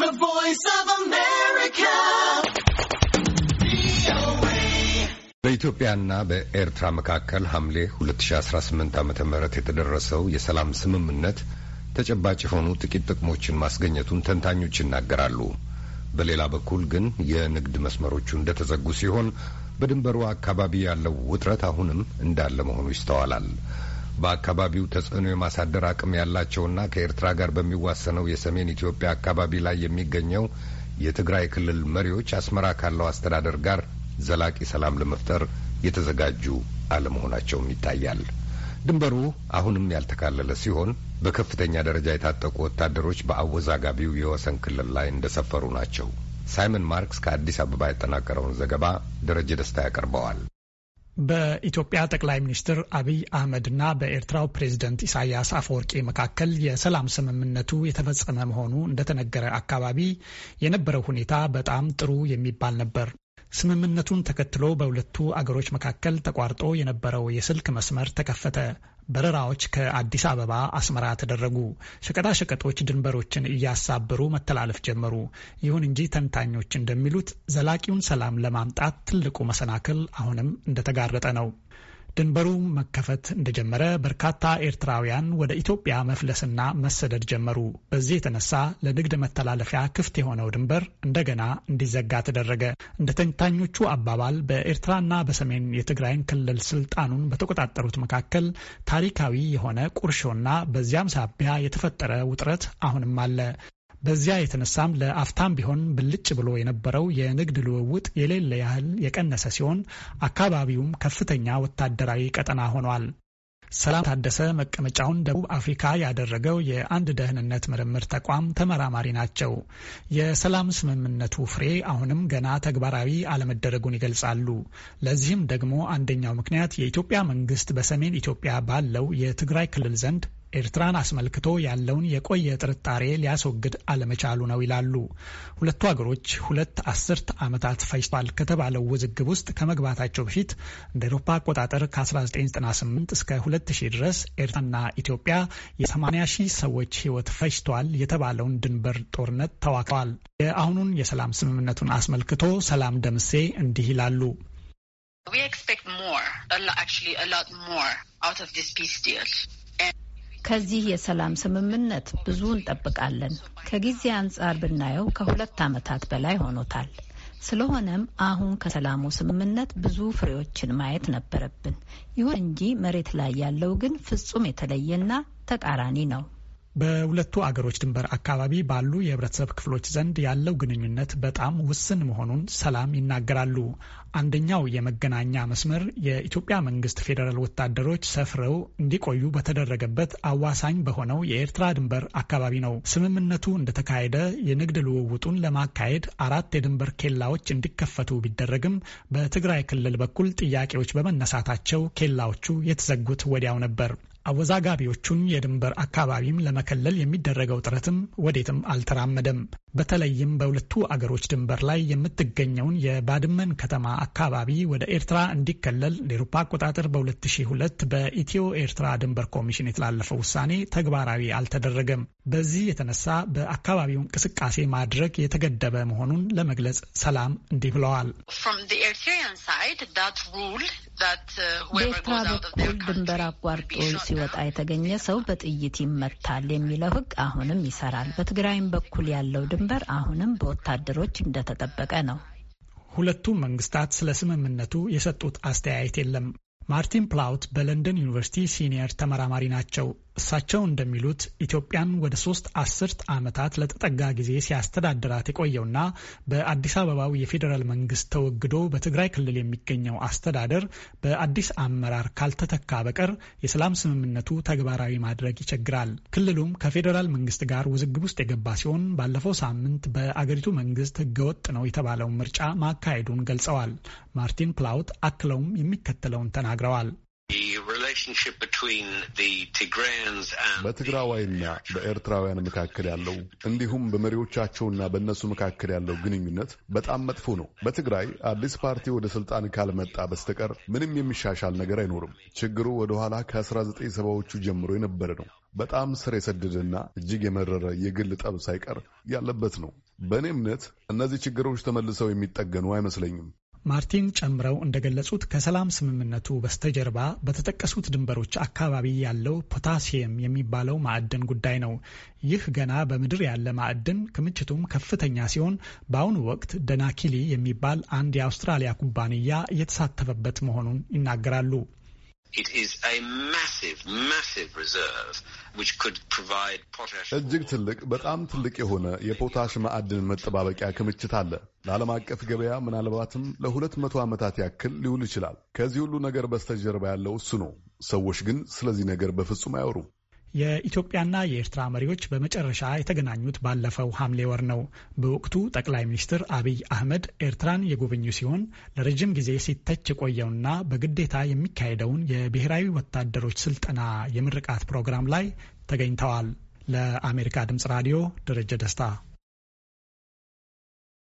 The Voice of America. በኢትዮጵያና በኤርትራ መካከል ሐምሌ 2018 ዓ ም የተደረሰው የሰላም ስምምነት ተጨባጭ የሆኑ ጥቂት ጥቅሞችን ማስገኘቱን ተንታኞች ይናገራሉ። በሌላ በኩል ግን የንግድ መስመሮቹ እንደተዘጉ ሲሆን፣ በድንበሩ አካባቢ ያለው ውጥረት አሁንም እንዳለ መሆኑ ይስተዋላል። በአካባቢው ተጽዕኖ የማሳደር አቅም ያላቸውና ከኤርትራ ጋር በሚዋሰነው የሰሜን ኢትዮጵያ አካባቢ ላይ የሚገኘው የትግራይ ክልል መሪዎች አስመራ ካለው አስተዳደር ጋር ዘላቂ ሰላም ለመፍጠር የተዘጋጁ አለመሆናቸውም ይታያል። ድንበሩ አሁንም ያልተካለለ ሲሆን በከፍተኛ ደረጃ የታጠቁ ወታደሮች በአወዛጋቢው የወሰን ክልል ላይ እንደሰፈሩ ናቸው። ሳይመን ማርክስ ከአዲስ አበባ ያጠናቀረውን ዘገባ ደረጀ ደስታ ያቀርበዋል። በኢትዮጵያ ጠቅላይ ሚኒስትር አብይ አህመድና በኤርትራው ፕሬዝደንት ኢሳያስ አፈወርቂ መካከል የሰላም ስምምነቱ የተፈጸመ መሆኑ እንደተነገረ አካባቢ የነበረው ሁኔታ በጣም ጥሩ የሚባል ነበር። ስምምነቱን ተከትሎ በሁለቱ አገሮች መካከል ተቋርጦ የነበረው የስልክ መስመር ተከፈተ። በረራዎች ከአዲስ አበባ አስመራ ተደረጉ። ሸቀጣሸቀጦች ድንበሮችን እያሳበሩ መተላለፍ ጀመሩ። ይሁን እንጂ ተንታኞች እንደሚሉት ዘላቂውን ሰላም ለማምጣት ትልቁ መሰናክል አሁንም እንደተጋረጠ ነው። ድንበሩ መከፈት እንደጀመረ በርካታ ኤርትራውያን ወደ ኢትዮጵያ መፍለስና መሰደድ ጀመሩ። በዚህ የተነሳ ለንግድ መተላለፊያ ክፍት የሆነው ድንበር እንደገና እንዲዘጋ ተደረገ። እንደ ተንታኞቹ አባባል በኤርትራና በሰሜን የትግራይን ክልል ስልጣኑን በተቆጣጠሩት መካከል ታሪካዊ የሆነ ቁርሾና በዚያም ሳቢያ የተፈጠረ ውጥረት አሁንም አለ። በዚያ የተነሳም ለአፍታም ቢሆን ብልጭ ብሎ የነበረው የንግድ ልውውጥ የሌለ ያህል የቀነሰ ሲሆን አካባቢውም ከፍተኛ ወታደራዊ ቀጠና ሆኗል። ሰላም ታደሰ መቀመጫውን ደቡብ አፍሪካ ያደረገው የአንድ ደህንነት ምርምር ተቋም ተመራማሪ ናቸው። የሰላም ስምምነቱ ፍሬ አሁንም ገና ተግባራዊ አለመደረጉን ይገልጻሉ። ለዚህም ደግሞ አንደኛው ምክንያት የኢትዮጵያ መንግስት በሰሜን ኢትዮጵያ ባለው የትግራይ ክልል ዘንድ ኤርትራን አስመልክቶ ያለውን የቆየ ጥርጣሬ ሊያስወግድ አለመቻሉ ነው ይላሉ። ሁለቱ ሀገሮች ሁለት አስርት ዓመታት ፈጅቷል ከተባለው ውዝግብ ውስጥ ከመግባታቸው በፊት እንደ ኤሮፓ አቆጣጠር ከ1998 እስከ 2000 ድረስ ኤርትራና ኢትዮጵያ የ80 ሺህ ሰዎች ሕይወት ፈጅቷል የተባለውን ድንበር ጦርነት ተዋግተዋል። የአሁኑን የሰላም ስምምነቱን አስመልክቶ ሰላም ደምሴ እንዲህ ይላሉ። We expect more, actually a lot more out of this peace deal. ከዚህ የሰላም ስምምነት ብዙ እንጠብቃለን። ከጊዜ አንጻር ብናየው ከሁለት ዓመታት በላይ ሆኖታል። ስለሆነም አሁን ከሰላሙ ስምምነት ብዙ ፍሬዎችን ማየት ነበረብን። ይሁን እንጂ መሬት ላይ ያለው ግን ፍጹም የተለየና ተቃራኒ ነው። በሁለቱ አገሮች ድንበር አካባቢ ባሉ የህብረተሰብ ክፍሎች ዘንድ ያለው ግንኙነት በጣም ውስን መሆኑን ሰላም ይናገራሉ። አንደኛው የመገናኛ መስመር የኢትዮጵያ መንግስት ፌዴራል ወታደሮች ሰፍረው እንዲቆዩ በተደረገበት አዋሳኝ በሆነው የኤርትራ ድንበር አካባቢ ነው። ስምምነቱ እንደተካሄደ የንግድ ልውውጡን ለማካሄድ አራት የድንበር ኬላዎች እንዲከፈቱ ቢደረግም በትግራይ ክልል በኩል ጥያቄዎች በመነሳታቸው ኬላዎቹ የተዘጉት ወዲያው ነበር። አወዛጋቢዎቹን የድንበር አካባቢም ለመከለል የሚደረገው ጥረትም ወዴትም አልተራመደም። በተለይም በሁለቱ አገሮች ድንበር ላይ የምትገኘውን የባድመን ከተማ አካባቢ ወደ ኤርትራ እንዲከለል ለአውሮፓ አቆጣጠር በ2002 በኢትዮ ኤርትራ ድንበር ኮሚሽን የተላለፈው ውሳኔ ተግባራዊ አልተደረገም። በዚህ የተነሳ በአካባቢው እንቅስቃሴ ማድረግ የተገደበ መሆኑን ለመግለጽ ሰላም እንዲህ ብለዋል። በኤርትራ በኩል ድንበር አቋርጦ ሲወጣ የተገኘ ሰው በጥይት ይመታል የሚለው ህግ አሁንም ይሰራል። በትግራይም በኩል ያለው ድንበር አሁንም በወታደሮች እንደተጠበቀ ነው። ሁለቱም መንግስታት ስለ ስምምነቱ የሰጡት አስተያየት የለም። ማርቲን ፕላውት በለንደን ዩኒቨርሲቲ ሲኒየር ተመራማሪ ናቸው። እሳቸው እንደሚሉት ኢትዮጵያን ወደ ሶስት አስርት ዓመታት ለተጠጋ ጊዜ ሲያስተዳድራት የቆየውና በአዲስ አበባው የፌዴራል መንግስት ተወግዶ በትግራይ ክልል የሚገኘው አስተዳደር በአዲስ አመራር ካልተተካ በቀር የሰላም ስምምነቱ ተግባራዊ ማድረግ ይቸግራል። ክልሉም ከፌዴራል መንግስት ጋር ውዝግብ ውስጥ የገባ ሲሆን ባለፈው ሳምንት በአገሪቱ መንግስት ህገወጥ ነው የተባለውን ምርጫ ማካሄዱን ገልጸዋል። ማርቲን ፕላውት አክለውም የሚከተለውን ተናግረዋል። በትግራዋይና በኤርትራውያን መካከል ያለው እንዲሁም በመሪዎቻቸውና በእነሱ መካከል ያለው ግንኙነት በጣም መጥፎ ነው። በትግራይ አዲስ ፓርቲ ወደ ስልጣን ካልመጣ በስተቀር ምንም የሚሻሻል ነገር አይኖርም። ችግሩ ወደኋላ ከ1970ዎቹ ጀምሮ የነበረ ነው። በጣም ስር የሰደደና እጅግ የመረረ የግል ጠብ ሳይቀር ያለበት ነው። በእኔ እምነት እነዚህ ችግሮች ተመልሰው የሚጠገኑ አይመስለኝም። ማርቲን ጨምረው እንደገለጹት ከሰላም ስምምነቱ በስተጀርባ በተጠቀሱት ድንበሮች አካባቢ ያለው ፖታሲየም የሚባለው ማዕድን ጉዳይ ነው። ይህ ገና በምድር ያለ ማዕድን ክምችቱም ከፍተኛ ሲሆን በአሁኑ ወቅት ደናኪሊ የሚባል አንድ የአውስትራሊያ ኩባንያ እየተሳተፈበት መሆኑን ይናገራሉ። እጅግ ትልቅ በጣም ትልቅ የሆነ የፖታሽ ማዕድን መጠባበቂያ ክምችት አለ። ለዓለም አቀፍ ገበያ ምናልባትም ለሁለት መቶ ዓመታት ያክል ሊውል ይችላል። ከዚህ ሁሉ ነገር በስተጀርባ ያለው እሱ ነው። ሰዎች ግን ስለዚህ ነገር በፍጹም አያወሩም። የኢትዮጵያና የኤርትራ መሪዎች በመጨረሻ የተገናኙት ባለፈው ሐምሌ ወር ነው። በወቅቱ ጠቅላይ ሚኒስትር አብይ አህመድ ኤርትራን የጎበኙ ሲሆን ለረጅም ጊዜ ሲተች የቆየውና በግዴታ የሚካሄደውን የብሔራዊ ወታደሮች ስልጠና የምርቃት ፕሮግራም ላይ ተገኝተዋል። ለአሜሪካ ድምጽ ራዲዮ ደረጀ ደስታ